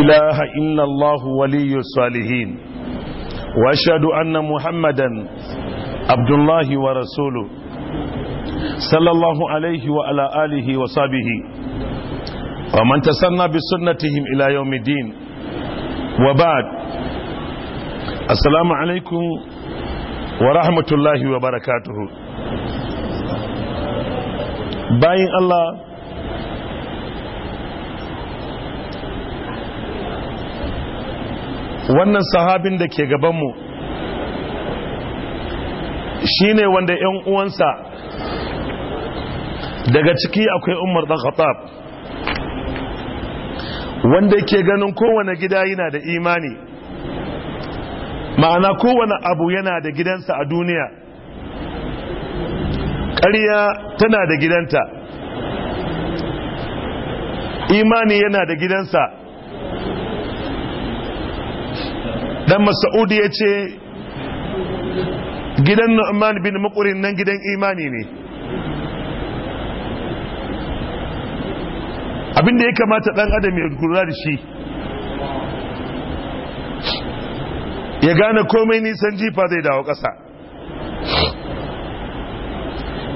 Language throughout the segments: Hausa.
إله إلا الله ولي الصالحين وأشهد أن محمدا عبد الله ورسوله صلى الله عليه وعلى آله وصحبه ومن تسنى بسنتهم إلى يوم الدين وبعد السلام عليكم ورحمة الله وبركاته باين الله wannan sahabin da ke gabanmu shi ne wanda 'yan uwansa daga ciki akwai umar ɗan khattab wanda ke ganin kowane gida yana da imani ma'ana kowane abu yana da gidansa a duniya ƙarya tana da gidanta imani yana da gidansa dan mas'ud ya ce gidan nu'man bin muqrin nan gidan imani ne abinda ya kamata dan adam ya kula da shi ya gane komai nisan jifa zai dawo ƙasa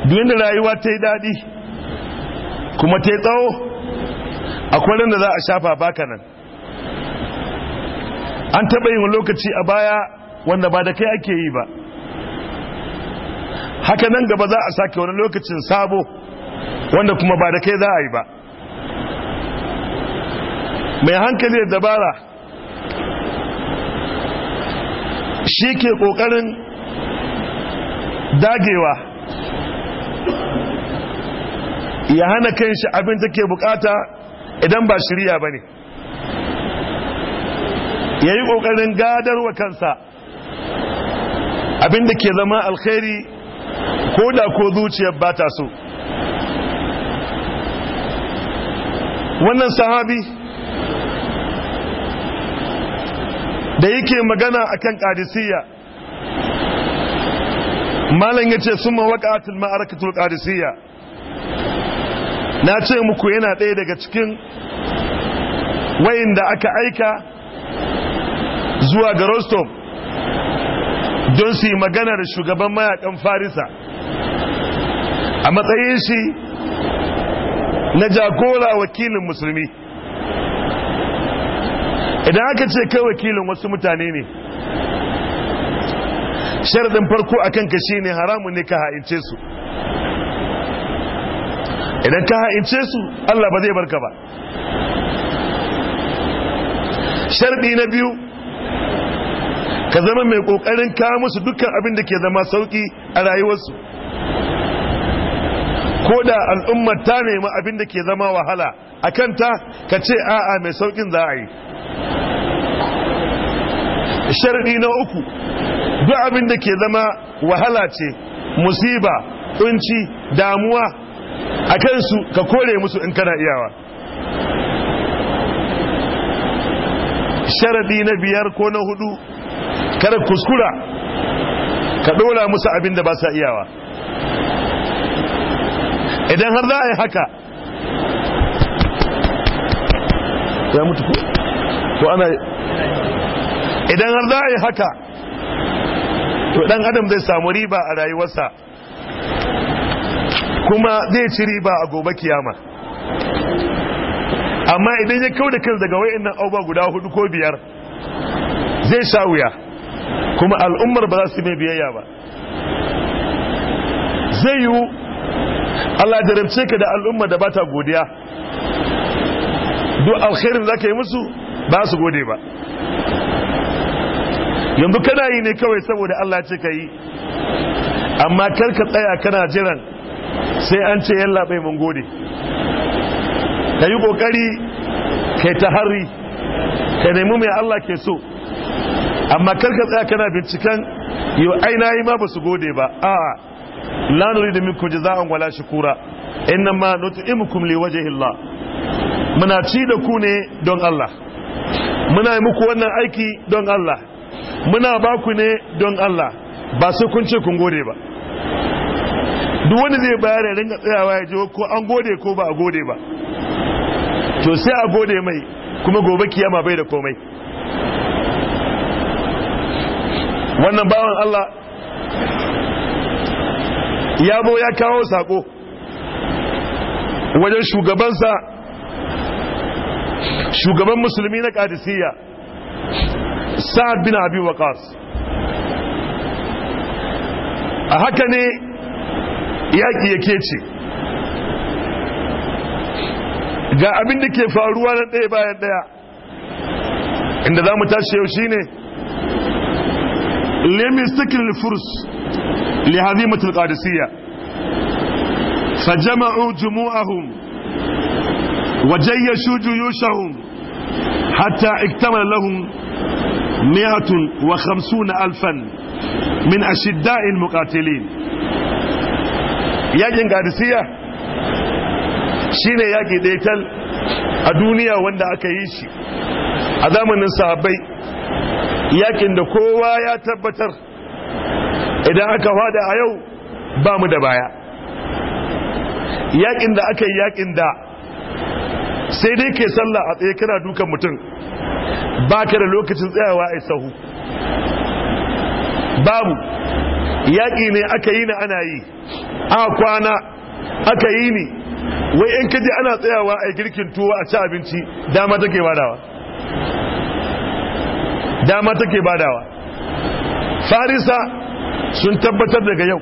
duk rayuwa ta yi daɗi kuma ta yi tsawo akwai da za a shafa baka nan an taɓa yin lokaci a baya wanda ba da kai ake yi ba haka nan gaba za a sake wani lokacin sabo wanda kuma ba da kai za a yi ba mai hankali da dabara shi ke ƙoƙarin dagewa ya hana shi abin take ke bukata idan ba shirya ba ne ya yi ƙoƙarin gadarwa kansa abinda ke zama alkhairi ko da ko zuciyar ba ta so wannan sahabi da yake magana a kan ƙadisiyya malam ya ce sun mawaƙatul ma'arakatul ƙadisiyya na ce muku yana ɗaya daga cikin wayanda aka aika zuwa ga rostov don su yi magana da shugaban mayakan farisa a matsayin shi na jagora wakilin musulmi idan aka ce kai wakilin wasu mutane ne sharadin farko a kanka shi ne haramun ne ka ha'ince su idan ka ha'ince su allah ba zai barka ba sharadi na biyu ka zama mai kokarin ka musu dukkan abin da ke zama sauki a rayuwarsu ko da al'ummar ta nemi abin da ke zama wahala a kanta ka ce a'a mai saukin za a yi sharadi na uku duk abin da ke zama wahala ce musiba tsunci damuwa a kansu ka kore musu in kana iyawa sharadi na biyar ko na hudu kada kuskura ka dola musu abin da ba sa iyawa idan har za a yi haka ya mutu ko to ana idan har za a yi haka to dan adam zai samu riba a rayuwarsa kuma zai ci riba a gobe kiyama amma idan ya kau da kan daga wayannan abubuwa guda hudu ko biyar zai sha wuya kuma al'ummar ba za su mai biyayya ba zai yiwu Allah jarabce ka da al'ummar da ba ta godiya duk alkhairin za ka yi musu ba su gode ba yanzu kana yi ne kawai saboda Allah ce ka yi amma karka tsaya kana jiran sai an ce yalla bai mun gode ka yi kokari kai ta hari ka nemi mai Allah ke so amma karka tsaya kana binciken yau aina yi ma ba su gode ba a la nuridu minkum jazaa'an wala shukura inna ma nut'imukum waje muna ci da ku ne don Allah muna yi muku wannan aiki don Allah muna ba ku ne don Allah ba sai kun ce kun gode ba duk wanda zai bayar da ringa tsayawa ya je ko an gode ko ba a gode ba to sai a gode mai kuma gobe kiyama bai da komai wannan bawan Allah ya bo ya kawo sako wajen shugabansa shugaban musulmi na ƙadisiyya sa'ad bin abi waqas a haka ne yaƙi yake ce ga abin da ke faruwa na ɗaya bayan ɗaya inda za mu tashi yau shine ne لم يستكن الفرس لهزيمة القادسية فجمعوا جموعهم وجيشوا جيوشهم حتى اكتمل لهم مئة وخمسون ألفا من أشداء المقاتلين يجن قادسية shine yaki ɗaya tal a duniya wanda aka yi shi a zamanin sahabbai yakin da kowa ya tabbatar idan aka fada a yau ba mu da baya yakin da aka yi yakin da sai dai ke sallah a tsaye kana dukan mutum ba ka da lokacin tsayawa a sahu babu yaƙi ne aka yi na ana yi a kwana aka yi ne wai in kaji ana tsayawa a girkin tuwa a ci abinci dama take badawa dama take badawa farisa sun tabbatar daga yau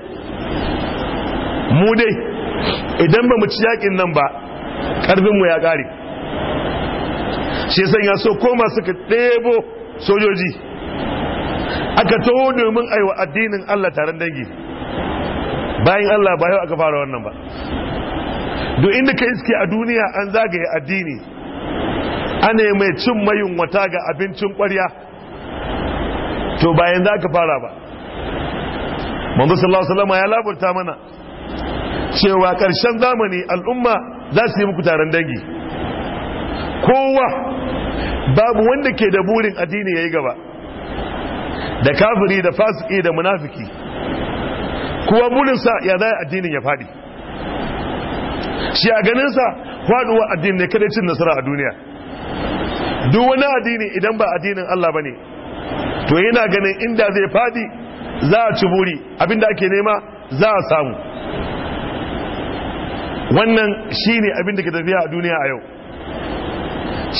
mu dai idan ba mu ci yakin nan ba karfinmu ya kare shi sai ya so koma suka ɗebo sojoji aka taho domin aiwa addinin allah taron dangi bayan allah ba yau aka fara wannan ba duk inda ka iske a duniya an zagaye addini ana mai cin mayun wata ga abincin ƙwarya. to bayan za ka fara ba manzo sallallahu alaihi wasallam ya laburta mana cewa karshen zamani al'umma za su yi muku taron dangi kowa babu wanda ke da burin addini yayi yi gaba da kafiri da fasiki da munafiki kowa burinsa ya zai addinin ya faɗi shi a ganinsa faduwa addini ne kada cin nasara a duniya duk wani addini idan ba addinin Allah ba to yana ganin inda zai fadi za a ci buri abinda ake nema za a samu wannan shi abin da ke tafiya a duniya a yau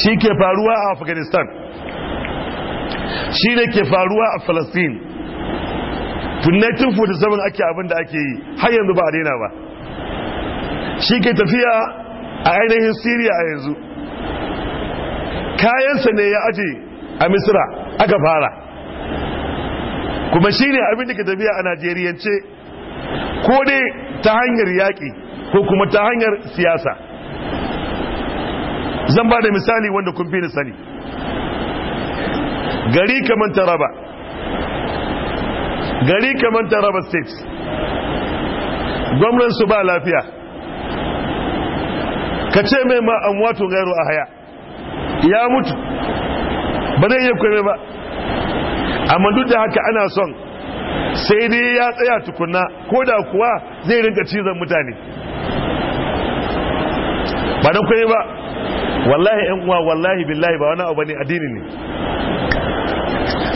shi ke faruwa a afghanistan shi ne ke faruwa a falastin tun 1947 ake abinda ake yi har yanzu ba a daina ba shi ke tafiya a ainihin syria a yanzu kayansa ne ya ajiye a misira aka fara kuma shi ne abin da ke tafiya a najeriyance ko dai ta hanyar yaƙi ko kuma ta hanyar siyasa zan ba da misali wanda kun fi ni sani gari kamar taraba gari kamar taraba state gwamnansu ba lafiya ka ce mai ma an wato gairu a haya ya mutu ba zai iya kwame ba amma duk da haka ana son sai dai ya tsaya tukunna ko da kuwa zai rinka cizon mutane ba don kwame ba wallahi yan uwa wallahi billahi ba wani abu ne addini ne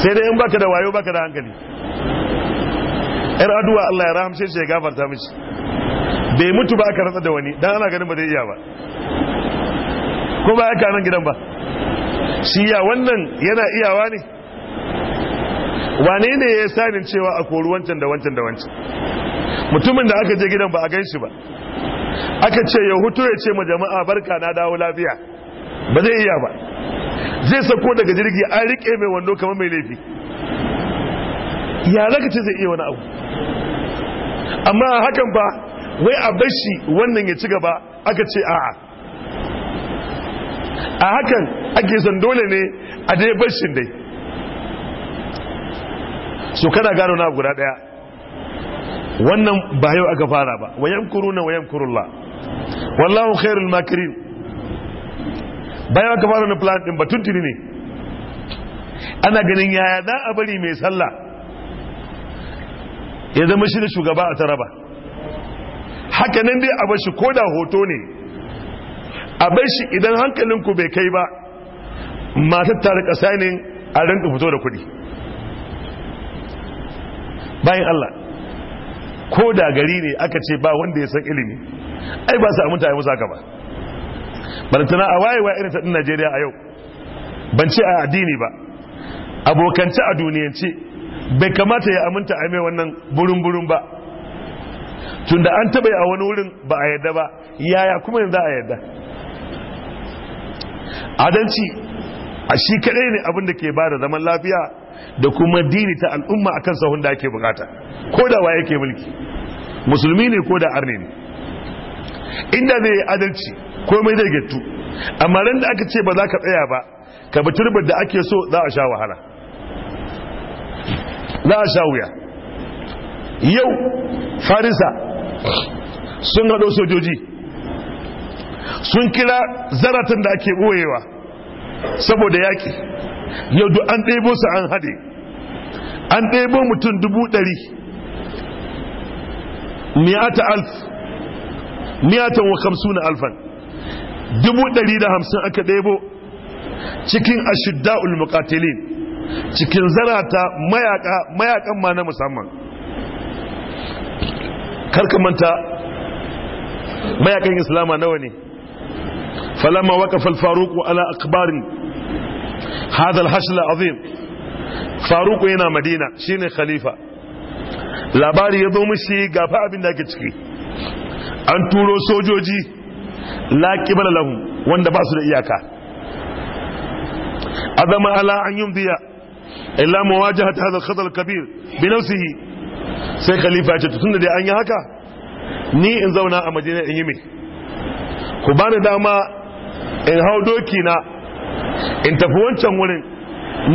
sai dai in baka da wayo baka da hankali yar aduwa Allah ya rahamshe shi ya gafarta mishi bai mutu ba aka rasa da wani dan ana ganin ba zai iya ba ko ba aka nan gidan ba shi ya wannan yana iyawa ne wane ne ya sanin cewa a kori wancan da wancan da wancan mutumin da aka je gidan ba a gan shi ba aka ce ya hutu ya ce ma jama'a barka na dawo lafiya ba zai iya ba zai sako daga jirgi an rike mai wando kamar mai laifi ya zaka ce zai iya wani abu amma hakan ba wai a bashi wannan ya ci gaba aka ce a'a a hakan ake son dole ne a dai bashin dai so kana gano na guda daya wannan ba yau aka fara ba wayan kuruna wayan kurulla wallahu khairul makirin bayan aka fara na plan din batun tuni ne ana ganin yaya za a bari mai sallah ya zama shi da shugaba a taraba haka nan dai a bashi koda hoto ne a bai shi idan hankalinku bai kai ba masu tare kasa ne a rinka fito da kuɗi bayan Allah ko da gari ne aka ce ba wanda ya san ilimi ai ba su a mutane musa ka ba barantana a wayewa irin ta ɗin Najeriya a yau ban ce a addini ba abokance a duniyance bai kamata ya aminta a mai wannan burin-burin ba tunda an taɓa a wani wurin ba a yadda ba yaya kuma za a yadda adalci a shi kadai ne abin da ke ba da zaman lafiya da kuma dini ta al'umma akan sahun da ake bukata ko da waye ke mulki musulmi ne ko da arne ne inda zai adalci komai zai gettu amma ran da aka ce ba za ka tsaya ba ka bi turbar da ake so za a sha wahala za a sha wuya yau farisa sun haɗo sojoji sun kira zaratin da ake boyewa saboda yaƙi yau duk an ɗebo su an haɗe an ɗebo mutum dubu ɗari miyata alf miyatan wa na alfan dubu ɗari da hamsin aka ɗebo cikin ashidda ulmukatilin cikin zarata mayaka mayakan ma na musamman karkamanta mayakan islama nawa ne فلما وقف الفاروق على أقبار هذا الحشل العظيم فاروق هنا مدينة شين خليفة labari ya zo mishi gafa abin da ake ciki an turo sojoji laƙibar lahum wanda ba su da iyaka azama ala an yi diya illa muwajahata hadha al-khatar kabir bi sai khalifa ce tunda dai an yi haka ni in zauna a madina in yi me ku bani dama in hau doki na in tafi wancan wurin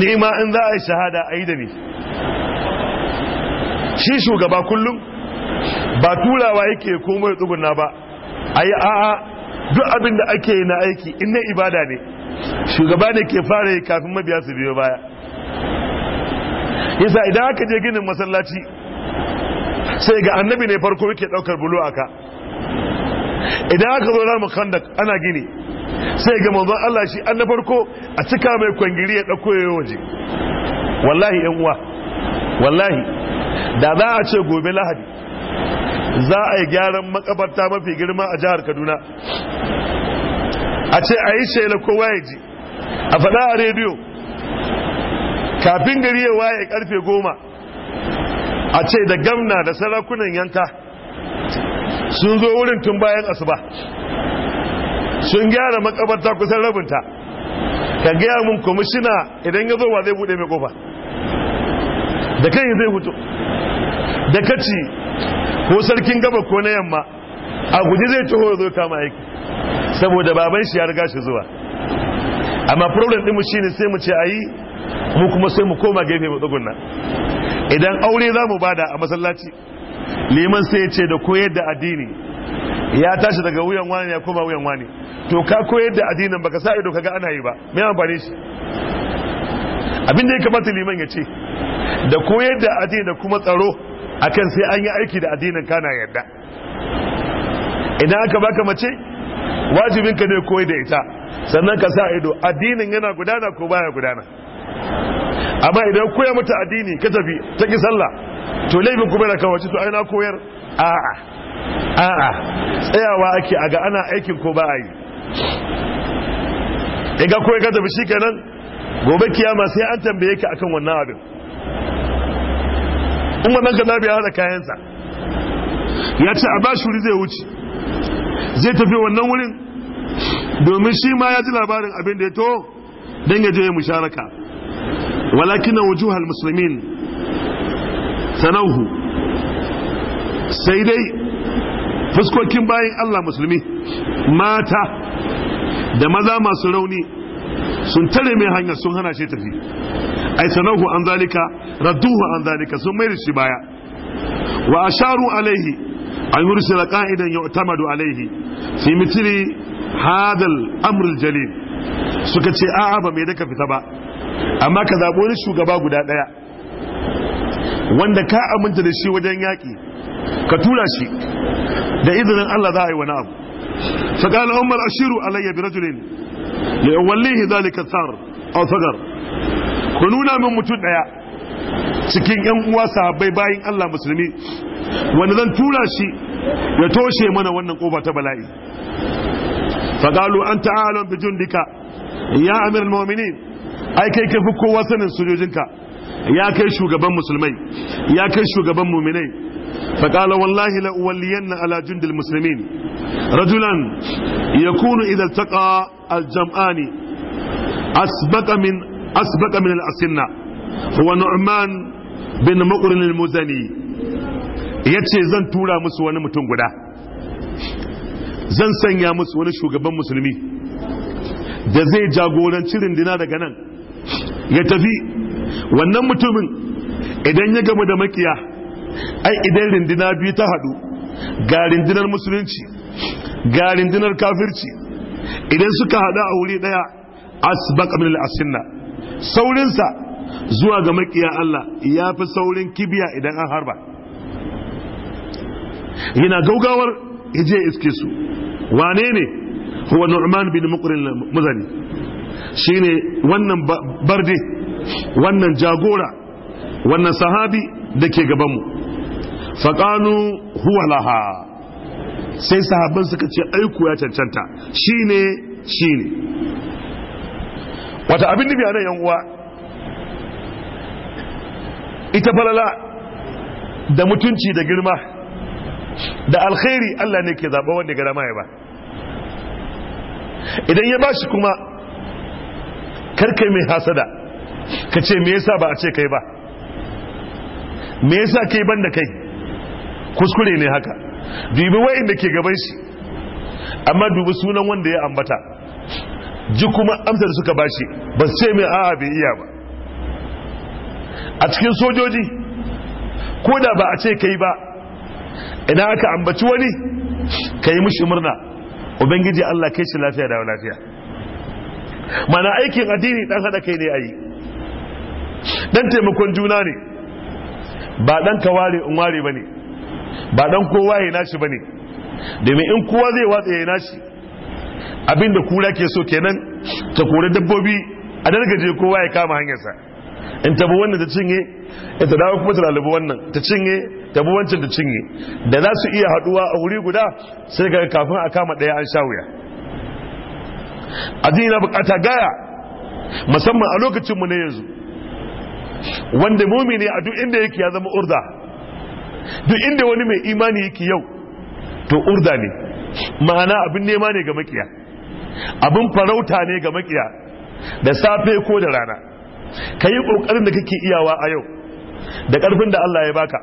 nima in za a yi shahada a yi da ni shi shugaba kullum ba turawa yake komai tsuguna ba a yi a'a duk abin da ake yi na aiki in ibada ne shugaba ne ke fara yi kafin mabiya su biyo baya yasa idan aka je ginin masallaci sai ga annabi ne farko yake daukar bulu aka idan aka zo ramu kandak ana gini sai ga manzon Allah shi an na farko a cika mai kwangiri ya dauko waje wallahi yan uwa wallahi da za a ce gobe lahadi za a yi gyaran makabarta mafi girma a jihar Kaduna a ce a yi shela kowa ya ji a faɗa a rediyo kafin gari ya waye karfe goma a ce da gamna da sarakunan yanka sun zo wurin tun bayan asuba sun gyara makabarta kusan rabinta ka gaya mun kwamishina idan ya zo wa zai bude mai kofa da kan zai hutu da kaci ko sarkin gaba ko na yamma a guji zai taho zo kama aiki saboda baban shi ya riga shi zuwa amma problem ɗinmu shi ne sai mu ce a yi mu kuma sai mu koma gefe mu nan idan aure zamu bada a masallaci liman sai ya ce da koyar da addini ya tashi daga wuyan wani ya koma wuyan wani to ka koyar da addinin baka sa ido kaga ana yi ba me amfani shi abin da ya kamata liman ya ce da koyar da addini da kuma tsaro akan sai an yi aiki da addinin kana yadda idan aka baka mace wajibin ka ne koyar da ita sannan ka sa ido addinin yana gudana ko baya gudana amma idan koyar mata addini ka tafi ta ki sallah to laifin kuma da kawace to ai na koyar a'a a'a tsayawa ake a ga ana aikin ko ba a yi iga ko ya tafi shi kenan gobe kiyama sai an tambaye ka akan wannan abin in wannan ka zabi hada kayansa ya ce a ba shuri zai wuce zai tafi wannan wurin domin shi ma ya ji labarin abin da ya to don ya je ya musharaka walakin na wujuhal musulmin sanahu sai dai fuskokin bayan Allah musulmi mata da maza masu rauni sun tare mai hanyar sun hana shi tafi ai sanahu an zalika radduhu an zalika sun mai shi baya wa asharu alaihi an yursila qa'idan yu'tamadu alaihi fi mithli hadal amr jalil suka ce a'a ba mai daka fita ba amma ka zabo ni shugaba guda daya wanda ka aminta da shi wajen yaki ka tura shi da izinin Allah za a yi wani abu فقال عمر أشيروا علي برجل لأوليه ذلك الثار Ku nuna min mutum متون cikin ‘yan uwa sahabbai bayan Allah musulmi wanda zan tura shi ya toshe mana wannan kofa ta bala'i fagalu an ta'alon bijin dika ya amir mominin ai kai kafi kowa sanin sojojinka ya kai shugaban musulmai ya kai shugaban muminai فقال والله لأولين rajulan جند المسلمين رجلا يكون jam'ani. التقى الجمعان أسبق من أسبق من الأسنة هو bin بن مقرن Ya yace zan tura musu wani mutum guda zan sanya musu wani shugaban musulmi da zai jagoranci rindina daga nan ya tafi wannan mutumin idan ya gama da makiya ai idan rindina biyu ta hadu ga rindinar musulunci ga rindinar kafirci idan suka hada a wuri daya asbaq min al-asinna saurinsa zuwa ga makiya Allah ya fi saurin kibiya idan an harba yana gaugawar yaje iske su wane ne huwa nu'man bin muqrin muzani shine wannan barde wannan jagora wannan sahabi da ke gabanmu faƙanu huwa sai sahabban suka ce aiku ya cancanta Shi ne? Shi ne. wata abin da biya na uwa ita falala da mutunci da girma da alkhairi Allah ne ke zaɓa wanda gara ma ya ba idan ya shi kuma karkai mai hasada ka ce me yasa ba a ce kai ba me yasa kai ban da kai kuskure ne haka dubi wai da ke gaban shi amma dubi sunan wanda ya ambata ji kuma amsa da suka bashi ba su ce mai a'a bai iya ba a cikin sojoji ko da ba a ce kai ba ina aka ambaci wani ka yi mishi murna ubangiji allah kai shi lafiya da lafiya mana aikin addini dan haɗa kai ne a yi dan taimakon juna ne ba dan ka ware in ware bane ba dan kowa ya nashi bane domin in kowa zai watsa ya nashi abinda kura ke so kenan ta kore dabbobi a dargaje kowa ya kama hanyarsa in tabi wannan ta cinye in ta dawo kuma ta lalubu wannan ta cinye tabi wancan ta cinye da za su iya haduwa a wuri guda sai ga kafin a kama daya an sha wuya A na bukata gaya musamman a lokacin mu na yanzu wanda mumini a duk inda yake ya zama urda duk inda wani mai imani yake yau to urda ne ma'ana abin nema ne ga makiya abin farauta ne ga makiya da safe ko da rana ka yi ƙoƙarin da kake iyawa a yau da ƙarfin da Allah ya baka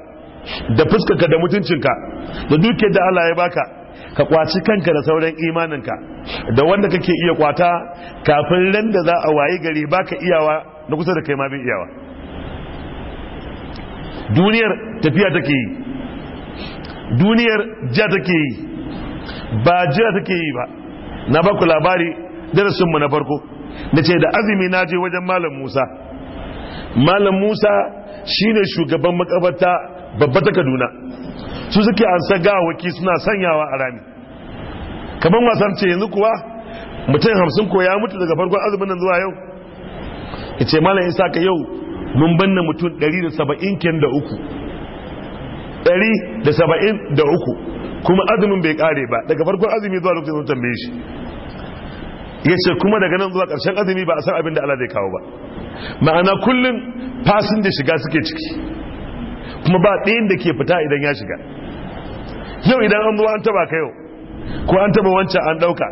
da fuskarka da mutuncinka da dukiyar da Allah ya baka ka kwaci kanka da sauran imaninka da wanda kake iya kwata kafin ran da za a wayi gari baka iyawa na kusa da kai ma bin iyawa duniyar tafiya take yi duniyar jiya take yi ba jiya take yi ba na baku labari darasinmu na farko da ce da azumi na je wajen malam musa malam musa shine shugaban makabarta babba ta kaduna su suke ansa waki suna sanyawa a rami kamar wasan ce yanzu kuwa mutum hamsin ko ya mutu daga farkon azumin nan zuwa yau ya ce malam isa ka yau mun banna mutum 170 ken da uku 173 kuma azumin bai kare ba daga farkon azumi zuwa lokacin zuwa tambaye shi ya ce kuma daga nan zuwa karshen azumi ba a san abin da Allah zai kawo ba ma'ana kullum fasin da shiga suke ciki kuma ba ɗayan da ke fita idan ya shiga yau idan an zuwa an taba ka yau ko an taba wancan an ɗauka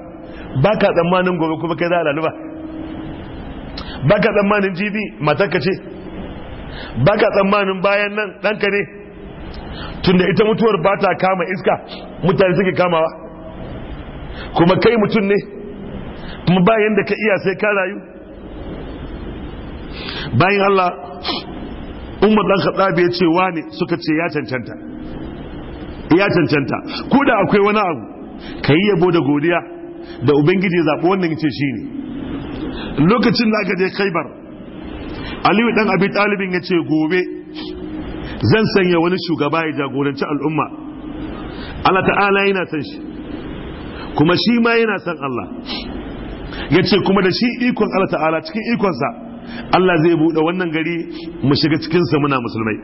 ba ka tsammanin gobe kuma kai za a laluba ba ka tsammanin jibi ka ce Baka tsammanin bayan nan ɗanka ne tunda ita mutuwar ba ta kama iska mutane suke kamawa kuma kai mutum ne kuma bayan da ka iya sai ka rayu bayan Allah umar dan khattabi ya ce wane suka ce ya cancanta ya cancanta ko da akwai wani abu ka yi yabo da godiya da ubangiji ya zaɓi wannan ce shi ne lokacin da aka je khaibar aliyu dan abi talibin ya ce gobe zan sanya wani shugaba ya jagoranci al'umma Allah ta'ala yana san shi kuma shi ma yana san Allah ya ce kuma da shi ikon Allah ta'ala cikin ikonsa Allah zai buɗe wannan gari mu shiga cikinsa muna musulmai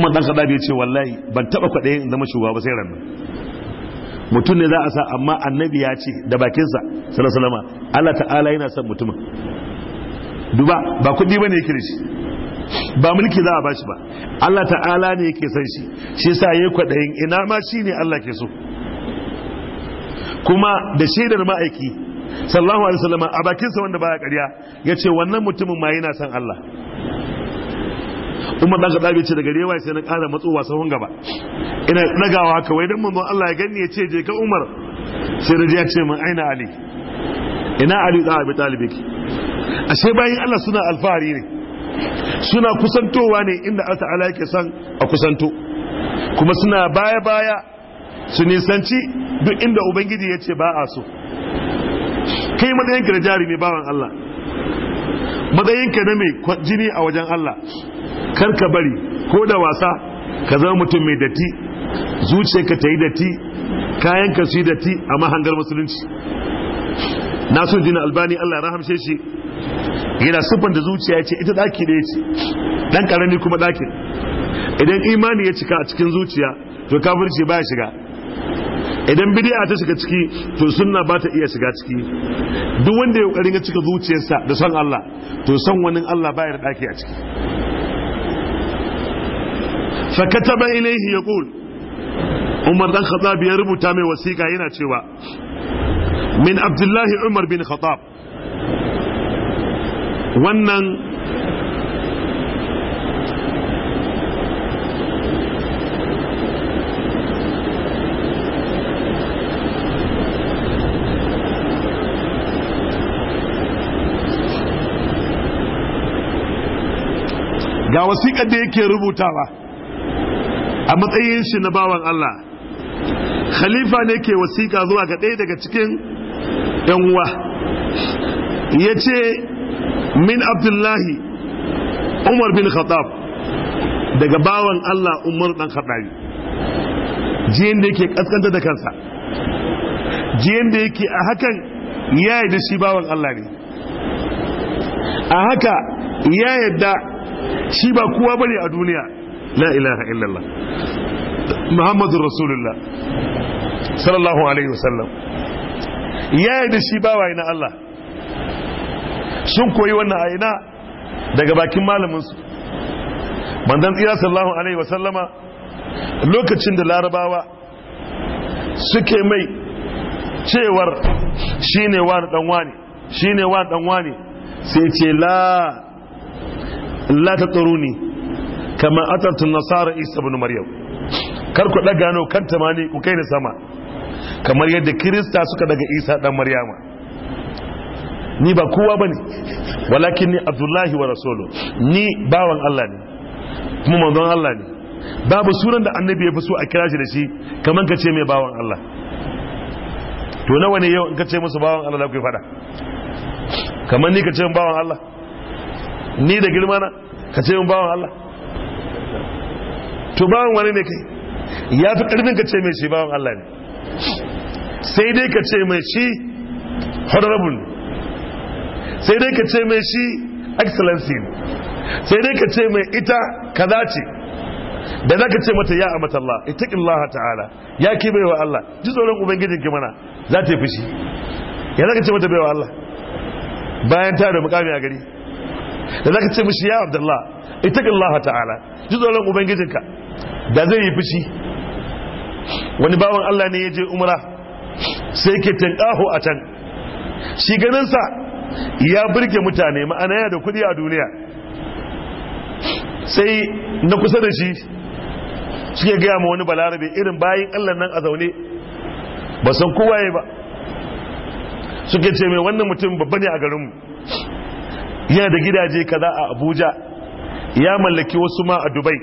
umar ɗan kaɗa ya ce wallahi ban taɓa kwaɗayin in zama shugaba ba sai ran mutum ne za a sa amma annabi ya ce da bakinsa sallallahu alaihi Allah ta'ala yana son mutumin duba ba kuɗi ba ne yake shi ba mulki za a bashi ba Allah ta'ala ne yake san shi shi yasa yayi kwaɗayin ina ma shi ne Allah ke so kuma da shaidar ma'aiki sallallahu alaihi wasallam a bakinsa wanda baya ƙarya yace wannan mutumin ma yana san Allah umar dan kadabi ce daga rewa sai na ƙara matsowa sahun gaba ina dagawa haka wai dan manzon Allah ya gani ya ce je ka Umar sai rajiya ce min aina Ali ina Ali da Abi Talib ashe bayan Allah suna alfahari ne suna kusantowa ne inda Allah ta'ala yake son a kusanto kuma suna baya baya su nisanci duk inda ubangiji ya ce ba a so kai matsayinka da jarumi bawan Allah matsayinka na mai jini a wajen Allah kar ka bari ko da wasa ka zama mutum mai datti ka ta yi datti kayanka su yi datti a mahangar musulunci na sun jini albani Allah rahamshe shi yana sufan da zuciya ce ita daki ya ce dan karami kuma dakin idan imani ya cika a cikin zuciya to kafirci baya shiga idan bid'a ta shiga ciki to sunna ba ta iya shiga ciki duk wanda ya kokarin ya cika zuciyarsa da son Allah to son wani Allah baya da daki a ciki fa kataba ilayhi yaqul Umar dan Khattab ya rubuta mai wasiƙa yana cewa min Abdullahi Umar bin Khattab wannan ga wasiƙa da yake rubutawa a matsayin shi na bawan Allah khalifa ne ke wasiƙa zuwa ga ɗaya daga cikin uwa ya ce min abdullahi umar bin khattab daga bawan Allah umar dan khattabi jiyan da yake kaskanta da kansa jiyan da yake a hakan ya yi da shi bawan Allah ne a haka ya yadda shi ba kowa bane a duniya la ilaha illallah muhammadur rasulullah sallallahu alaihi wasallam ya yadda shi bawaye na Allah sun koyi wannan aina daga bakin malaminsu manzon tsira sallallahu alaihi wasallama lokacin da larabawa suke mai cewar shine wani dan wani shine wa dan wani sai ce la la ta tsaruni kama atatun nasara isa ibn maryam kar ku daga no kanta ma ne ku kai ni sama kamar yadda kirista suka daga isa dan maryama ni ba kowa ba ne walakin ni abdullahi wa rasulu ni bawan Allah ne kuma manzon Allah ne babu sunan da annabi ya fi so a kira shi da shi kamar ka ce mai bawan Allah to nawa ne yau ka ce musu bawan Allah da ku fada kamar ni ka ce bawan Allah ni da girma na ka ce bawan Allah to bawan wani ne kai ya fi karfin ka ce mai shi bawan Allah ne sai dai ka ce mai shi honorable sai dai ka ce mai shi excellency sai dai ka ce mai ita kaza ce da za ka ce mata ya amata Allah laha ta'ala ya ke baiwa Allah ji tsoron ubangijin ki mana za ta yi fushi ya za ka ce mata baiwa Allah bayan ta da mukami a gari da za ka ce mishi ya Abdullah laha ta'ala ji tsoron ka da zai yi fushi wani bawan Allah ne ya je umra sai ke tankahu a can shi sa ya burge mutane ma'ana ya da kudi a duniya sai na kusa da shi suke gaya ma wani balarabe irin bayan allah nan a zaune ba san kowa ba suke ce mai wannan mutum babba ne a garinmu yana da gidaje kaza a abuja ya mallaki wasu ma a dubai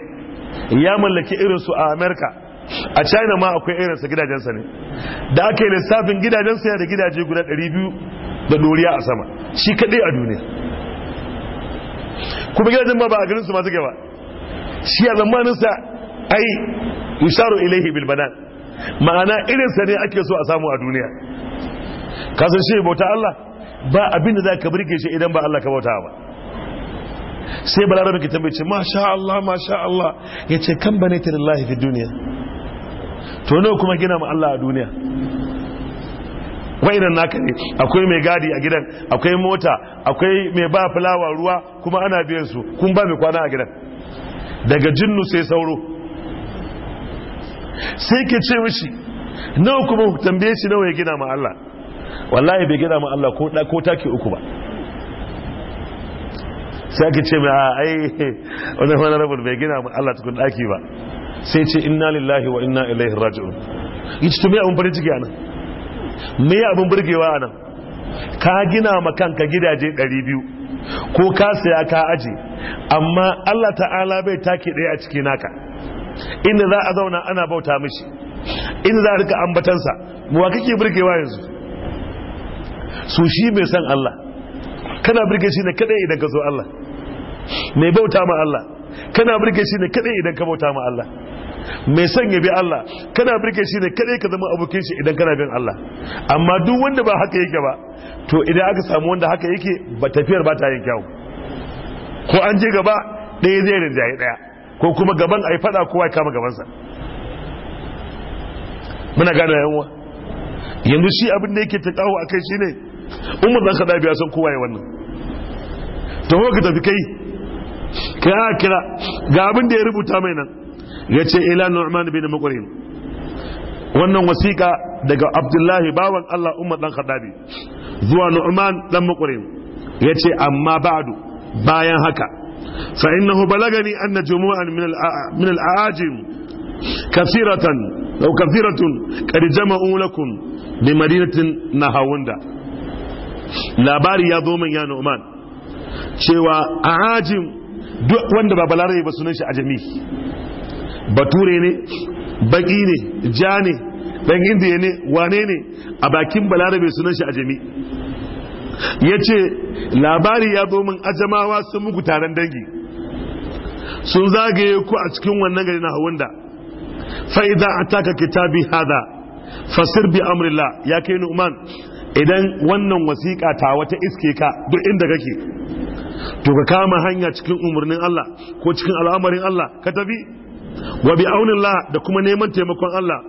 ya mallaki irinsu a amerika a china ma akwai irinsa gidajensa ne da aka yi lissafin gidajensa yana da gidaje guda 200 da doriya a sama shi kaɗai a duniya kuma gidajen ba ba a garin su masu gaba shi a zamaninsa ai yusharu ilaihi bilbanan ma'ana irinsa ne ake so a samu a duniya kasar shi bauta Allah ba abin da za ka birge shi idan ba Allah ka bauta ba sai balarabe ki tambaye ce masha Allah masha Allah ya ce kan bane ta lillahi fi duniya to nawa kuma gina ma Allah a duniya wa'inan naka ne akwai mai gadi a gidan akwai mota akwai mai ba fulawa ruwa kuma ana biyan su kun ba mai kwana a gidan daga jinnu sai sauro sai ke ce mishi nawa kuma tambaye shi nawa ya gina ma Allah wallahi bai gina ma Allah ko da ko take uku ba sai ke ce mai a ah, ai wannan wannan rabu bai gina ma Allah tukun daki ba sai ce inna lillahi wa inna ilaihi raji'un yace to me abun farin ciki anan me abin burgewa nan ka gina ma ka gidaje 200 ko ka saya ka aje amma Allah ta'ala bai take ɗaya a cikin naka inda za a zauna ana bauta mishi inda za a rika ambatansa wa kake burgewa yanzu su shi mai san Allah kana burge shi ne kadai idan ka zo Allah mai bauta ma Allah kana burge shi ne kadai idan ka bauta ma Allah mai son ya bi Allah kana birke shi ne kadai ka zama abokin shi idan kana bin Allah amma duk wanda ba haka yake ba to idan aka samu wanda haka yake ba tafiyar ba ta yin kyau ko an je gaba ɗaya zai rinjaye ɗaya ko kuma gaban a yi faɗa kowa kama gabansa muna gane yawa yanzu shi abin da yake kawo a kai shi ne umar zan biya san kowa ya wannan ta ka tafi kai ka yi kira ga abin da ya rubuta mai nan ya ce ila nu'man bin muqrin wannan wasiƙa daga abdullahi bawan allah umar dan khadabi zuwa nu'man dan muqrin ya ce amma ba'du bayan haka fa innahu balagani anna jumu'an min al-aajim kathiratan aw kathiratun qad jama'u lakum bi madinatin labari ya zo ya nu'man cewa aajim duk wanda ba balarabe ba sunan shi ajami bature ne baki ne ja ne dan indiya ne wane ne a bakin balarabe sunan shi a Jami. ya ce labari ya zo min ajamawa sun muku taron dangi sun zagaye ku a cikin wannan gari na da fa'iza a taka kitabi hada fasir bi amurila ya kai nu'man idan wannan wasiƙa ta wata iske ka duk inda kake to ka kama hanya cikin umarnin Allah ko cikin al'amarin Allah ka tafi wa bi aunillah da kuma neman taimakon Allah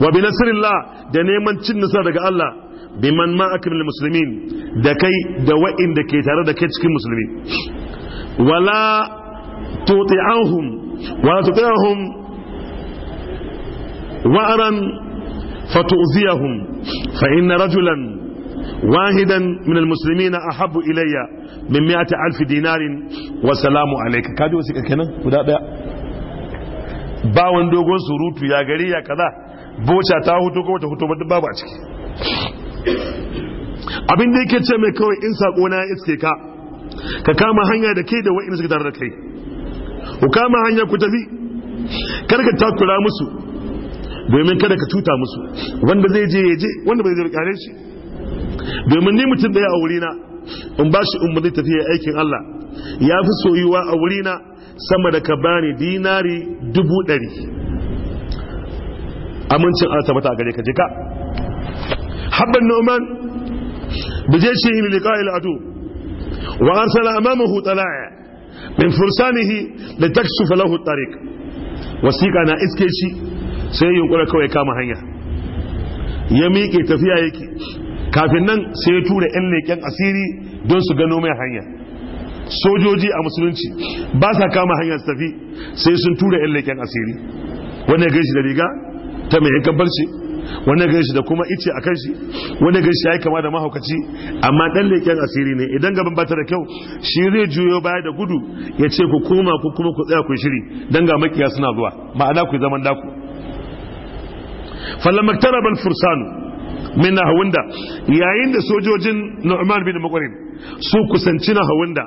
wa bi nasrillah da neman cin nasara daga Allah biman ma'akum lil muslimin da kai da wa'inda ke tare da kai cikin musulmi wala tuti'ahum wala tuti'ahum wa'ran fatu'ziyahum fa inna rajulan wahidan min almuslimina ahabbu ilayya min mi'ati alf dinarin wa salamu alayka kaji wasu kenan guda ɗaya. ba wani dogon surutu ya gari ya kaza bocha ta hutu ko ta hutu ba babu a ciki abin da yake ce mai kawai in sako na iske ka ka kama hanya da ke da wa'in suka tare da kai ku kama hanya ku tafi karka takura musu domin kada ka tuta musu wanda zai je ya je wanda bai zai kare shi domin ni mutum daya a wurina in ba shi umarni tafiya aikin Allah ya fi soyuwa a wurina sama da ka bani dinari dubu ɗari amincin an tabbata a gare ka jika habban noman bije shi hin liqa'il adu wa arsala amamahu tala'a min fursanihi da su Falahu tariq Wasiƙa na iske shi sai yunkura kawai kama hanya ya miƙe tafiya yake kafin nan sai ya tura 'yan leƙen asiri don su gano mai hanya sojoji a musulunci ba sa kama hanyar tafi sai sun tura yan leken asiri wanda ya shi da riga ta mai yankan barci wanda ya shi da kuma ice a kan shi wanda ya shi ya yi kama da mahaukaci amma dan leken asiri ne idan gaban ba ta da kyau shi zai juyo baya da gudu ya ce ku koma ku kuma ku tsaya ku shiri dan ga makiya suna zuwa ma'ana ku zaman daku fallamaktarabal fursanu min nahawunda yayin da sojojin Nu'man bin Muqarrib su kusanci Nahawunda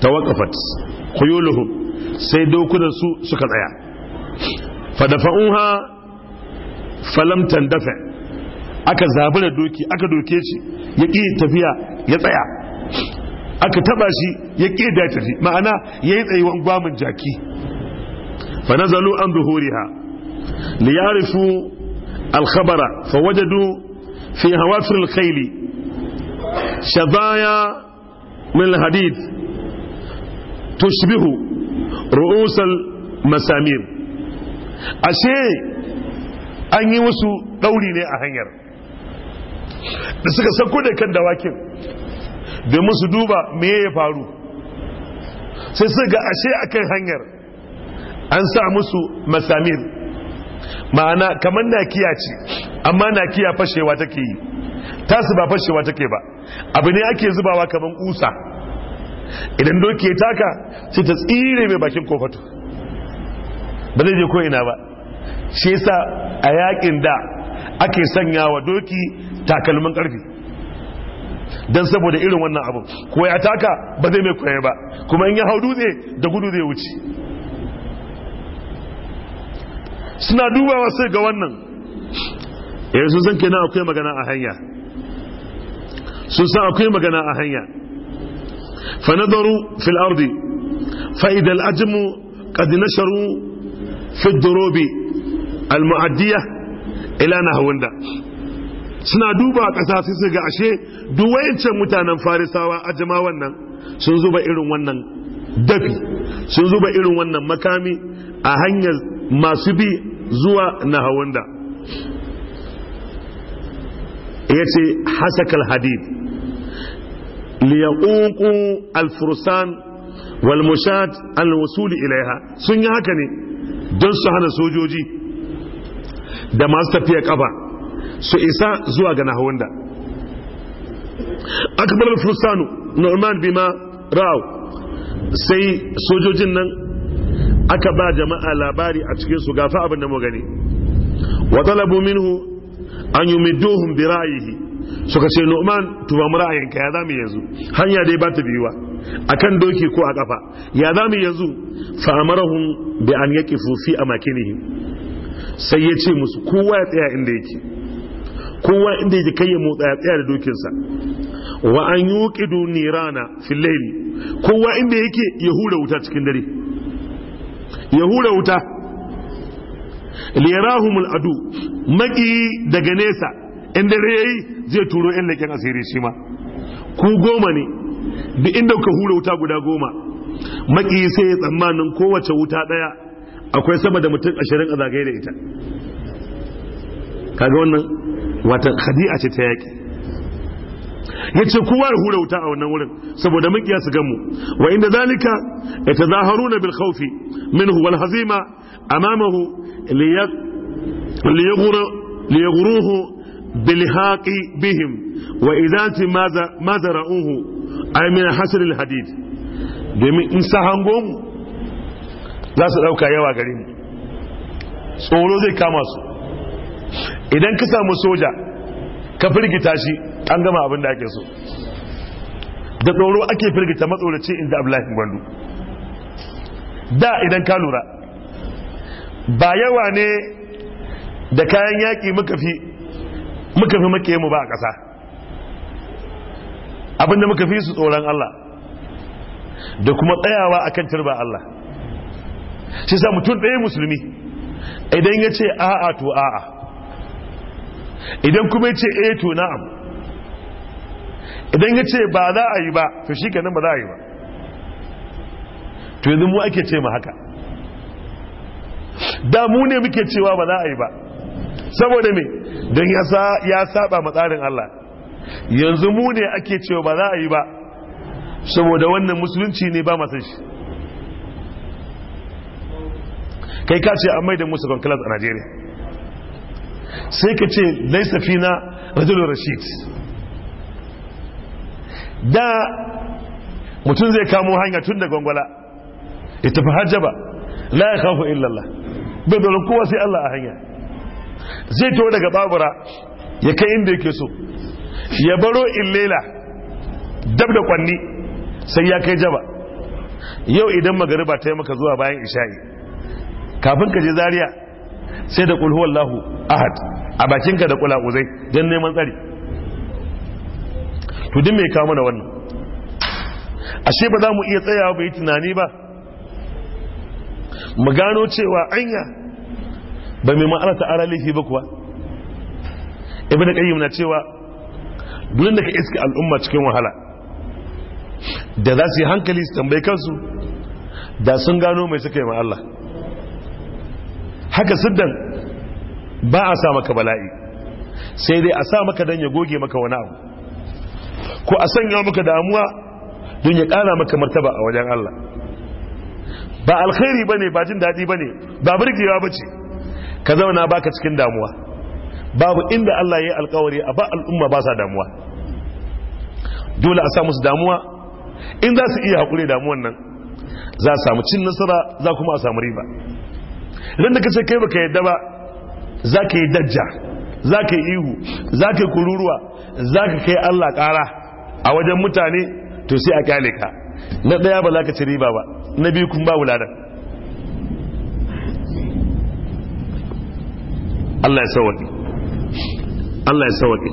tawaqafat khuyuluhum sai dokunan su suka tsaya fadafa'unha falam tandafa aka zabi da doki aka doke shi ya ƙi tafiya ya tsaya aka taba shi ya ƙi da tafi ma'ana yayi tsayuwan gwamin jaki fa nazalu an zuhuriha li ya'rifu al khabara fa wajadu fi hawafir al khayli shadaya min hadid tushbihu ru'usal masamir ashe an yi wasu ɗauri ne a hanyar da suka sako da kan dawakin domin su duba me ya faru sai suka ga ashe akan hanyar an sa musu masamir ma'ana kamar nakiya ce amma nakiya fashewa take yi tasu ba fashewa take ba abu ne ake zubawa kamar kusa idan doki ya taka sai ta tsire mai bakin kofatu ba zai je ko'ina ba shi yasa a yakin da ake sanya wa doki takalmin karfi don saboda irin wannan abu ko ya taka ba zai mai koyi ba kuma in ya hau dutse da gudu zai wuce suna dubawa sai ga wannan yanzu eh, zan kenan akwai magana a hanya sun san akwai magana a hanya فنظروا في الأرض فإذا الأجم قد نشروا في الدروب المعدية إلى نهوندا suna duba ƙasa sai su ga ashe duwayancin mutanen farisawa a jama wannan sun zuba irin wannan dafi sun zuba irin wannan makami a hanyar masu bi zuwa na hawanda ya ce hasakal hadid liyaququ alfursan wal mushat ilaiha sun yi haka ne don su hana sojoji da masu tafiya kafa su isa zuwa ga nahawanda akbar alfursanu norman bima raw sai sojojin nan aka ba jama'a labari a cikin su gafa abin da mu gani wa talabu minhu an yumidduhum bi ra'yihi suka ce nu'man tuba mu ra'ayinka ya zamu yanzu hanya dai ba ta biyuwa akan doki ko a kafa ya zamu yanzu fa amarahum bi an yaqifu fi amakinihim sai ya ce musu kowa ya tsaya inda yake kowa inda yake kai ya motsa ya tsaya da dokinsa wa an yuqidu nirana fil layl kowa inda yake ya hura wuta cikin dare ya hura wuta liyarahumul adu maki daga nesa in dare yayi zai turo yan leƙen asiri shi ma ku goma ne Da inda ka hura wuta guda goma maki sai ya tsammanin kowace wuta ɗaya akwai sama da mutum ashirin a zagaye da ita kaga wannan wata a ce ta yaƙi ya ce kowa ya hura wuta a wannan wurin saboda mun kiyasu ganmu wa inda zalika ya ta zaharu na bilkaufi. min huwal hazima mamahu liyaguruhu بالحاق بهم وإذا ما زرعوه أي من حسر الحديد domin in sa hango mu za su ɗauka yawa gare tsoro zai kama su idan ka samu soja ka firgita shi an gama abin da ake so da tsoro ake firgita matsoraci inda ablahin gwandu da idan ka lura ba yawa ne da kayan yaƙi muka fi muka fi makiye mu ba a ƙasa abinda muka fi su tsoron Allah da kuma tsayawa a kan turba Allah shi sa mutum ɗaya musulmi idan ya ce a'a to a'a idan kuma ya ce eh to na'am idan ya ce ba za a yi ba to shi nan ba za a yi ba to yanzu mu ake ce ma haka da mu ne muke cewa ba za a yi ba saboda me don ya saba matsarin Allah yanzu mu ne ake cewa ba za a yi ba saboda wannan musulunci ne ba masu shi kai ka ce amma da musulun kwankilas a najeriya sai ka ce dai Safina, rajulun rashid da mutum zai kamo hanya tun da gwangwala ya tafi hajjaba la ya kafa illallah bai dole kowa sai Allah a hanya zai to daga babura ya kai inda yake so ya baro illela dab da kwanni sai ya kai jaba yau idan magariba ta yi maka zuwa bayan isha'i kafin ka je zariya sai da kulhu wallahu ahad a bakinka da kula uzai don neman tsari to mai kawo mana wannan ashe ba za mu iya tsayawa bai tunani ba mu gano cewa anya ba mai ma'ana ara laifi ba kuwa ibn qayyim na cewa dunin da ka iska al'umma cikin wahala da za su yi hankali su tambayi kansu da sun gano mai suka yi ma Allah haka siddan ba a sa maka bala'i sai dai a sa maka don ya goge maka wani abu ko a sanya maka damuwa don ya ƙara maka martaba a wajen Allah ba alkhairi bane ba jin daɗi bane ba burgewa bace ka zauna baka cikin damuwa babu inda Allah ya yi alkawari a ba al'umma ba sa damuwa dole a samu su damuwa in za su iya haƙuri damuwan nan za a samu cin nasara za kuma a samu riba idan da kace kai baka yadda ba za ka yi dajja za ka yi ihu za ka yi kururuwa za ka kai Allah ƙara a wajen mutane to sai a kyale ka na ɗaya ba za ka ci riba ba na biyu kun ba wuladan Allah ya sawaki Allah ya sawaki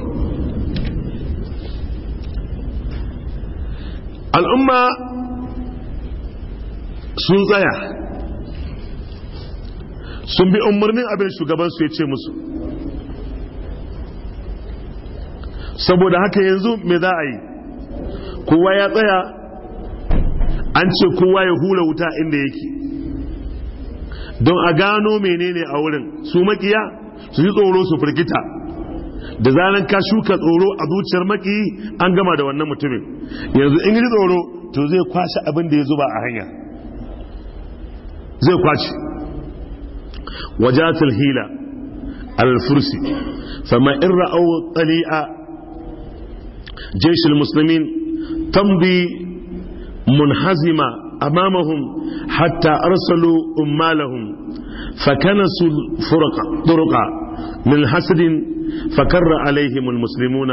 al'umma sun tsaya sun bi umarnin abin shugabansu ya ce musu saboda haka yanzu me za a yi kowa ya tsaya an ce kowa ya hula wuta inda yake don a gano menene a wurin su makiya su yi tsoro su firgita da zanen ka shuka tsoro a zuciyar maki an gama da wannan mutumin yanzu in ji tsoro to zai kwashe abin da ya zuba a hanya zai kwashe wajatul hila al-fursi fama in ra'aw tali'a jaysh al-muslimin munhazima amamahum hatta arsalu ummalahum فكنسوا الفرق طرقا من حسد فكر عليهم المسلمون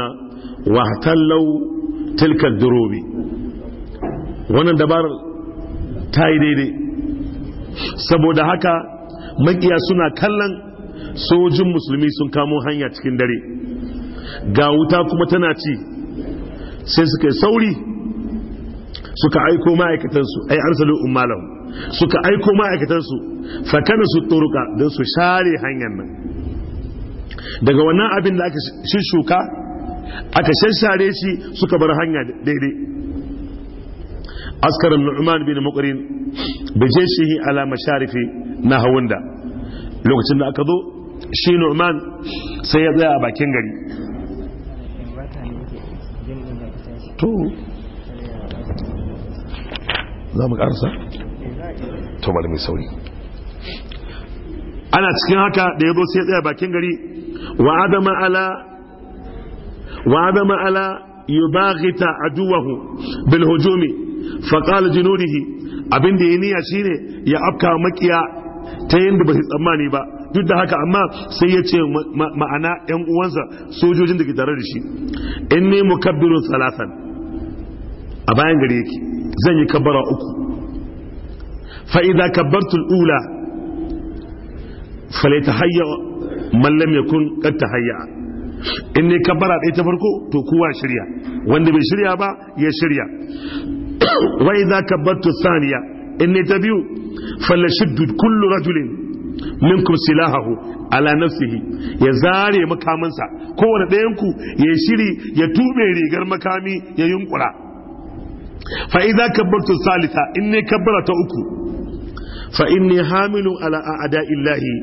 واحتلوا تلك الدروب wannan dabarar ta yi daidai saboda haka makiya suna kallon sojin musulmi sun kamo hanya cikin dare ga wuta kuma tana ci sai suka yi sauri suka aiko ma'aikatansu ai arsalu ummalahu suka aiko ma'aikatansu kana su turuka don su share hanyar nan daga wannan abin da aka shuka aka shashare shi suka bar hanya daidai askar nu'man bin muqrin je shi ala masharifi na hawunda lokacin da aka zo shi nu'man sai ya tsaya a bakin gari to za mu karsa to bari mai sauri ana cikin haka da ya zo sai tsaya bakin gari wa adama ala wa adama ala yubaghita aduwahu bil hujumi fa qala da abinda ya niyya shine ya afka makiya ta yadda ba tsammani ba duk da haka amma sai ya ce ma'ana yan uwansa sojojin da ke tare da shi in ne mukabbirun salasan a bayan gari yake zan yi kabbara uku fa idza kabbartu al-ula falyatahayya man lam yakun qad tahayya in ne kabbara ɗaya ta farko to kuwa shirya wanda bai shirya ba ya shirya wa idza kabbartu saniya in ne ta biyu falashuddu kullu rajulin minkum silahahu ala nafsihi ya zare makamansa kowane ɗayanku ya shiri ya tube rigar makami ya yunkura fa idza kabbartu salisa in ne kabbara ta uku fa inni hamilun ala a'da illahi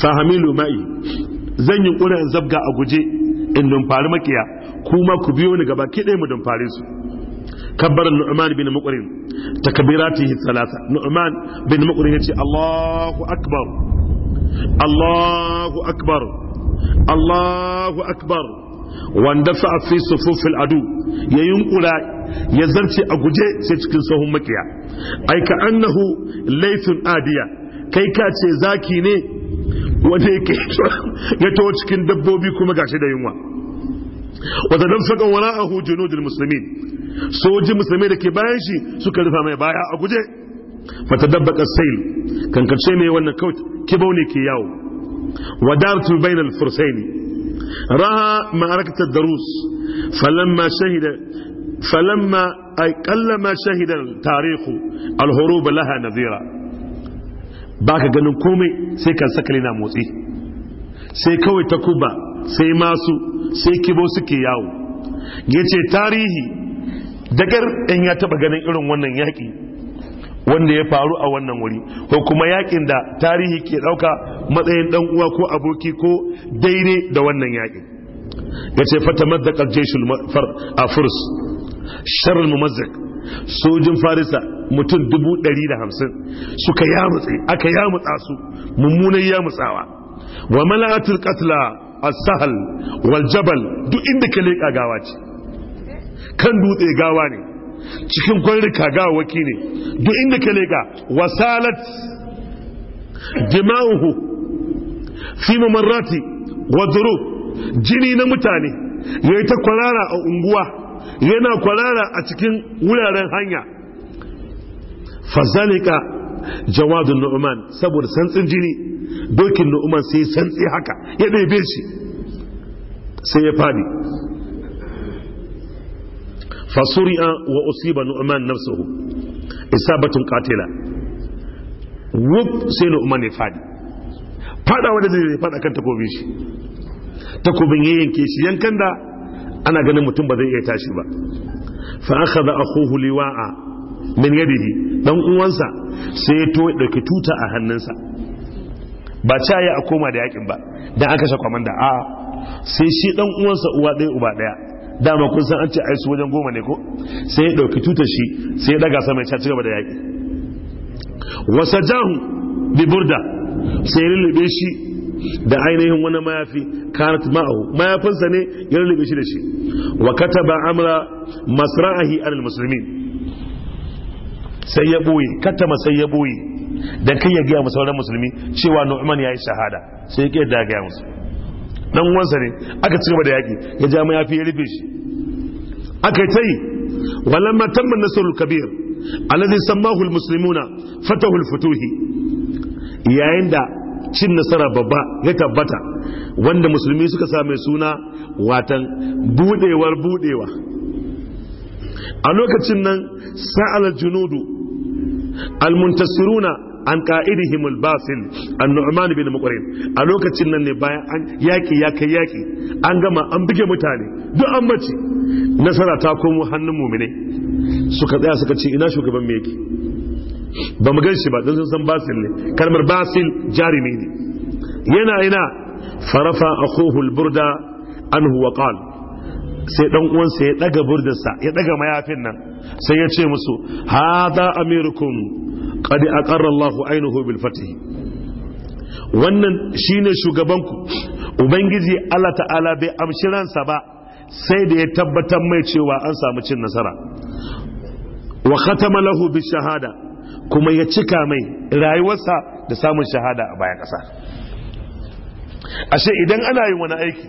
fa hamilu ma'i zan yi ƙura in zabga a guje in dumfari makiya kuma ku biyo ni gaba ki mu dumfare su kabbar nu'man bin muqrin takbiratihi thalatha nu'man bin muqrin yace Allahu akbar Allahu akbar Allahu akbar wanda fa'a fi sufufil adu ya yunkura ya zarce a guje sai cikin sahun makiya Aika annahu laifin adiya kai ka ce zaki ne wanda yake ya to cikin dabbobi kuma gashi da yunwa wata dan fakan wala a hujjunudul musulmi soji musulmi da ke bayan shi suka rufa mai baya a guje fata dabbaka sail kankace mai wannan kawai kibau ne ke yawo wadartu bainal fursaini رأى معركة الدروس فلما شهد فلما أي قلما شهد التاريخ الهروب لها نذيرا باكا ganin komai sai kan sakali na motsi sai kawai ta kuba sai masu sai kibo suke yawo yace tarihi dagar in ya taɓa ganin irin wannan yaki wanda ya faru a wannan wuri ko kuma yakin da tarihi ke dauka matsayin dan uwa ko aboki ko daidai da wannan yakin yace fatamazzaq al-jayshul afurs shar al-mumazzaq sojin farisa mutum 150 suka yamutse aka yamutsa su mummunan yamutsawa wa mala'atul qatla as-sahl wal jabal duk inda ka leka gawa ce kan dutse gawa ne cikin gwarrika gawaki ne duk inda ka leka wasalat dima'uhu fi mamarrati wa jini na mutane yayi ta kwarara a unguwa yana kwarara a cikin wuraren hanya fazalika jawadun nu'man saboda santsin jini dokin nu'man sai santsi haka ya ɗebe shi sai ya fadi fasuri'a wa usiba nu'man nafsuhu isabatun qatila wuf sai nu'man ya fadi fada wanda zai fada kan takobin shi takobin ya yanke shi yankan da ana ganin mutum ba zai iya tashi ba fa akhadha akhuhu liwa'a min yadihi dan uwansa sai ya to dauki tuta a hannunsa ba ca ya a koma da yakin ba dan aka sha kwamanda a sai shi dan uwansa uwa ɗaya uba ɗaya dama kun san an ce ai su wajen goma ne ko sai ya dauki tutar shi sai ya daga sama ya ci gaba da yaki wasajahu bi burda sai ya lullube shi da ainihin wani mayafi kanat ma'ahu mayafinsa ne ya lullube shi da shi wa kataba amra masra'ahi anil muslimin sai ya boye katama sai ya boye dan kai ya ga musauran musulmi cewa nu'man yi shahada sai ya kiyar da gaya musu dan uwansa ne aka ci gaba da yaki ya ja mayafi ya rufe shi aka yi tai walamma tamman nasrul kabir alladhi sammahu almuslimuna fatahul futuhi yayin da cin nasara babba ya tabbata wanda musulmi suka same suna watan budewar budewa a lokacin nan sa'al junudu almuntasiruna an qa'idihim al-basil an-nu'man bin muqrin a lokacin nan ne bayan an yaki ya kai yaki an gama an buge mutane duk an mace nasara ta komo hannun mu'mine suka tsaya suka ce ina shugaban me yake ba mu ganshi ba dan san basil ne kalmar basil jarimi ne yana ina farafa akhuhu al-burda anhu wa qala sai dan uwansa ya daga burdarsa ya daga mayafin nan sai ya ce musu hada amirukum qad aqarra Allahu ainihu bil wannan shine shugabanku ubangiji Allah ta'ala bai amshi ransa ba sai da ya tabbatar mai cewa an samu cin nasara wa khatama lahu bi shahada kuma ya cika mai rayuwarsa da samun shahada a bayan ƙasa ashe idan ana yin wani aiki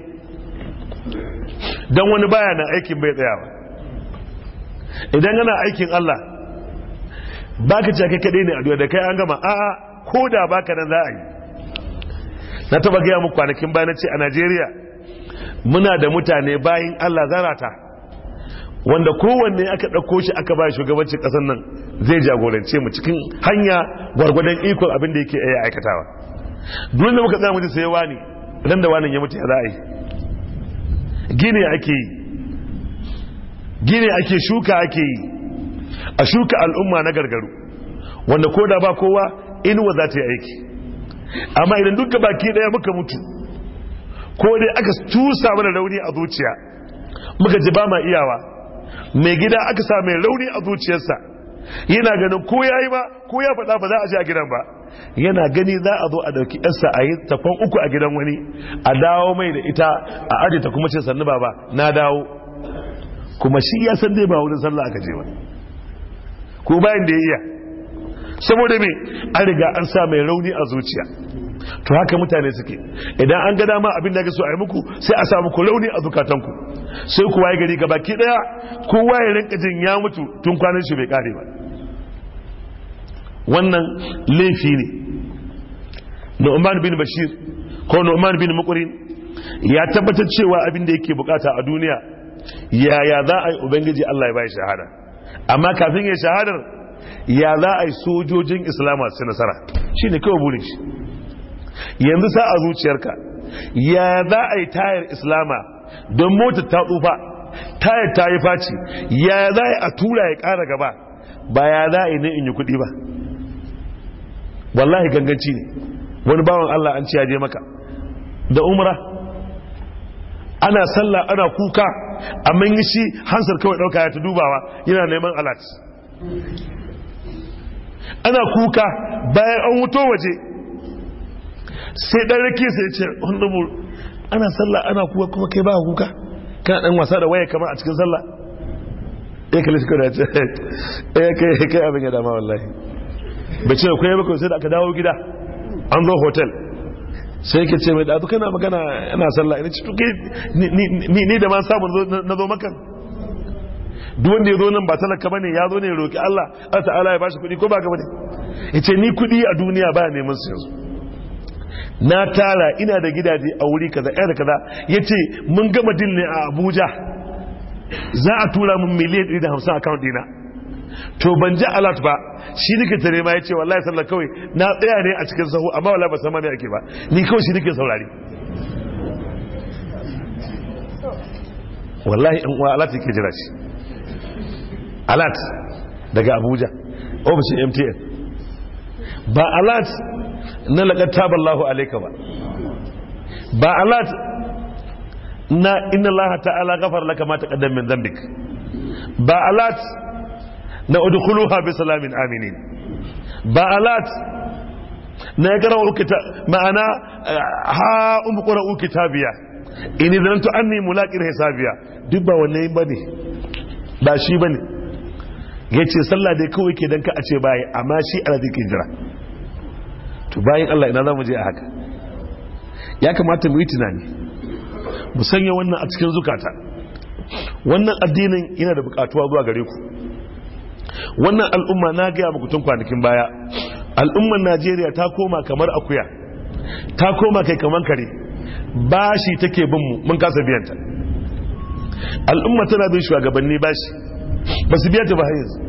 dan wani baya na aikin bai ba. idan ana aikin Allah ba ka kai kaɗai ne a addu'a da kai an gama a'a ko da ba ka nan za a yi na taba gaya mu kwanakin na ce a najeriya muna da mutane bayan allah zarata wanda kowanne aka ɗauko shi aka ba shugabanci ƙasar nan zai jagorance mu cikin hanya gwargwadon ikon abin da yake iya aikatawa duk da muka tsaya mu ji sai wani ran da wani ya mutu ya za a yi gine ake gine ake shuka ake yi a shuka al'umma na gargaru wanda ko da ba kowa inuwa za ta yi aiki amma idan duka baki daya muka mutu ko dai aka tusa mana rauni a zuciya muka ji ba ma iyawa mai gida aka sa mai rauni a zuciyarsa yana ganin ko ya yi ba ko ya faɗa ba za a je a gidan ba yana gani za a zo a ɗauki yarsa a yi takwan uku a gidan wani a dawo mai da ita a aje ta kuma ce sannu ba na dawo kuma shi ya san dai ba wurin sallah aka je wani ko bayan da ya iya saboda me an riga an sa mai rauni a zuciya to haka mutane suke idan an ga dama abin da ga so a yi muku sai a sa muku rauni a zukatanku sai kuwa ya gari gaba baki daya kowa ya rinka jin ya mutu tun kwanan shi bai kare ba wannan laifi ne nu'man bin bashir ko nu'man bin muqrin ya tabbatar cewa abin da yake bukata a duniya yaya za a yi ubangiji Allah ya bai shahada amma kafin ya shahadar ya za a yi sojojin islama su nasara shi ne kawai burin yanzu sa a zuciyarka ya za a yi tayar islama don mota ta tsufa tayar ta yi faci ya za a yi a tura ya kara gaba ba ya za a yi na in yi kuɗi ba wallahi ganganci ne wani bawan allah an ciyaje maka da umra ana sallah ana kuka amma yin shi hansar kawai ɗauka ya ta dubawa yana neman alat ana kuka bayan an wuto waje sai ɗan rike sai ce hundubu ana sallah ana kuka kuma kai ba kuka kana ɗan wasa da waya kamar a cikin sallah ya kalle shi kawai ce eh, ya kai abin ya dama wallahi bai ce kwaye bakwai sai da aka dawo gida an zo hotel sai yake ce mai da duka na magana ina sallah ina ce tuke ni ni da ma samu na zo makan duk wanda ya zo nan ba talaka bane ya zo ne roki Allah Allah ta'ala ya bashi kuɗi ko ba ka bane yace ni kuɗi a duniya ba neman su yanzu na tara ina da gidaje a wuri kaza ɗaya da kaza yace mun gama din ne a Abuja za a tura mun miliyan 150 account dina to ban ji alat ba shi nake tare ma yace wallahi sallah kawai na tsaya ne a cikin sahu amma wallahi ba san ma ake ba ni kawai shi nake saurari wallahi in uwa alat yake jira shi alat daga abuja ofishin mtn ba alat na laƙar taballahu alaika ba ba alat na inna allaha ta'ala ghafar laka ma taqaddama min dhanbik ba alat na udkhuluha bi salamin aminin ba'alat na yaqra'u ukita ma'ana ha umqra'u kitabiya in idantu anni mulaqin hisabiya duk ba wannan bane ba shi bane yace sallah dai kawai ke dan ka a ce bai amma shi alazi ke jira to bayan Allah ina zamu je a haka ya kamata mu yi tunani mu sanya wannan a cikin zukata wannan addinin yana da bukatuwa zuwa gare ku wannan al'umma na gaya muku tun kwanakin baya al'ummar najeriya ta koma kamar akuya ta koma kai kamar kare bashi take bin mu mun kasa biyanta al'umma tana bin shugabanni bashi ba su biyanta ba har yanzu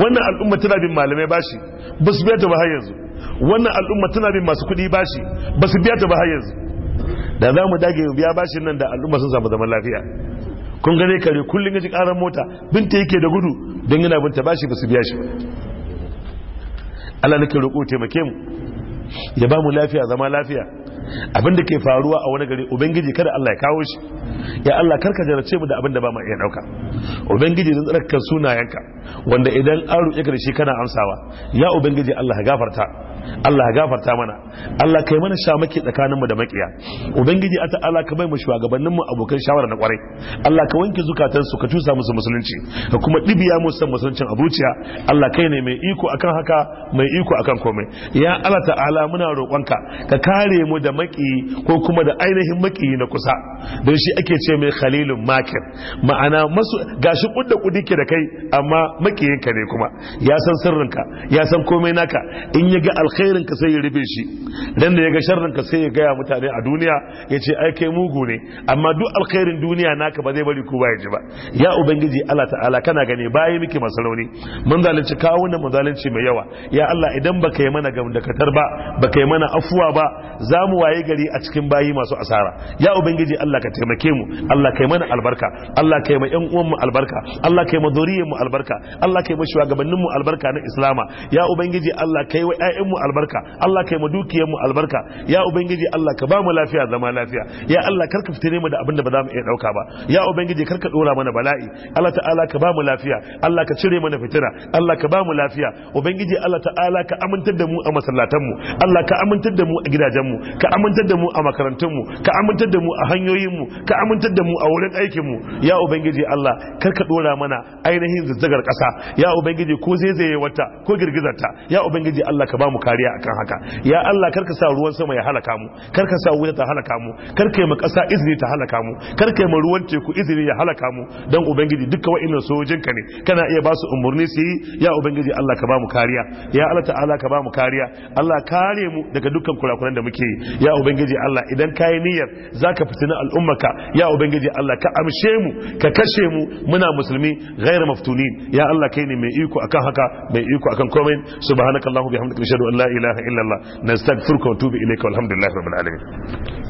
wannan al'umma tana bin malamai bashi ba su biyanta ba har yanzu wannan al'umma tana bin masu kuɗi bashi ba su biyanta ba har yanzu da za mu dage biya bashin nan da al'umma sun samu zaman lafiya kun gane kare kullum ya ji karar mota binta yake da gudu don yana binta bashi ba su biya shi Allah nake roƙo taimake mu ya ba mu lafiya zama lafiya abinda ke faruwa a wani gari ubangiji kada Allah ya kawo shi ya Allah karka jarace mu da abin da ba mu iya dauka ubangiji zan tsarkaka sunayenka wanda idan an roƙe ka kana amsawa ya ubangiji Allah ya gafarta Allah ya gafarta mana Allah kai mana sha shamaki tsakaninmu da makiya ubangiji ata Allah ka bai mu shugabannin mu abokan shawara na kwarai Allah ka wanke zukatan su ka tusa musu musulunci ka kuma dibiya musu san musuluncin a zuciya Allah kai ne mai iko akan haka mai iko akan komai ya Allah ta'ala muna roƙonka ka kare mu da maki ko kuma da ainihin maki na kusa don shi ake ce mai khalilun makir ma'ana masu gashi kudda kudi ke da kai amma makiyinka ne kuma ya san sirrinka ya san komai naka in ya ga alkhairi alkhairin ka sai ya rufe shi dan da ya ga sharrin ka sai ya gaya mutane a duniya ya ce ai kai mugu ne amma duk alkhairin duniya naka ba zai bari ku ba ya ji ba ya ubangiji Allah ta'ala kana gani bayi miki masarauni mun zalunci kawunan mun zalunci mai yawa ya Allah idan baka yi mana katar ba baka yi mana afuwa ba za mu waye gari a cikin bayi masu asara ya ubangiji Allah ka taimake mu Allah kai mana albarka Allah kai ma ƴan uwan mu albarka Allah kai ma zuriyar mu albarka Allah kai ma shugabannin mu albarka na Islama ya ubangiji Allah kai wa ƴaƴan mu albarka Allah kai mu dukiyar mu albarka ya ubangiji Allah ka ba mu lafiya zama lafiya ya Allah kar ka fitine mu da abin da ba za mu iya dauka ba ya ubangiji kar ka dora mana bala'i Allah ta'ala ka ba mu lafiya Allah ka cire mana fitina Allah ka ba mu lafiya ubangiji Allah ta'ala ka amintar da mu a masallatan mu Allah ka amintar da mu a gidajen mu ka amintar da mu a makarantun mu ka amintar da mu a hanyoyin mu ka amintar da mu a wurin aikin mu ya ubangiji Allah kar ka dora mana ainihin zazzagar kasa ya ubangiji ko zaizaye wata ko girgizar ta. ya ubangiji Allah ka ba mu kariya akan haka ya Allah karka sa ruwan sama ya halaka mu karka sa wuta ta halaka mu karka mu kasa izini ta halaka mu karka mu ruwan teku izini ya halaka mu dan ubangiji dukkan wa'annan sojojin ka ne kana iya ba su umurni su yi ya ubangiji Allah ka ba mu kariya ya Allah ta'ala ka ba mu kariya Allah kare mu daga dukkan kurakuran da muke yi ya ubangiji Allah idan ka yi niyyar zaka fitina al'ummaka ya ubangiji Allah ka amshe mu ka kashe mu muna musulmi ghairu maftunin ya Allah kai ne mai iko akan haka mai iko akan komai subhanakallahumma bihamdika nashhadu an لا إله إلا الله نستغفرك ونتوب إليك والحمد لله رب العالمين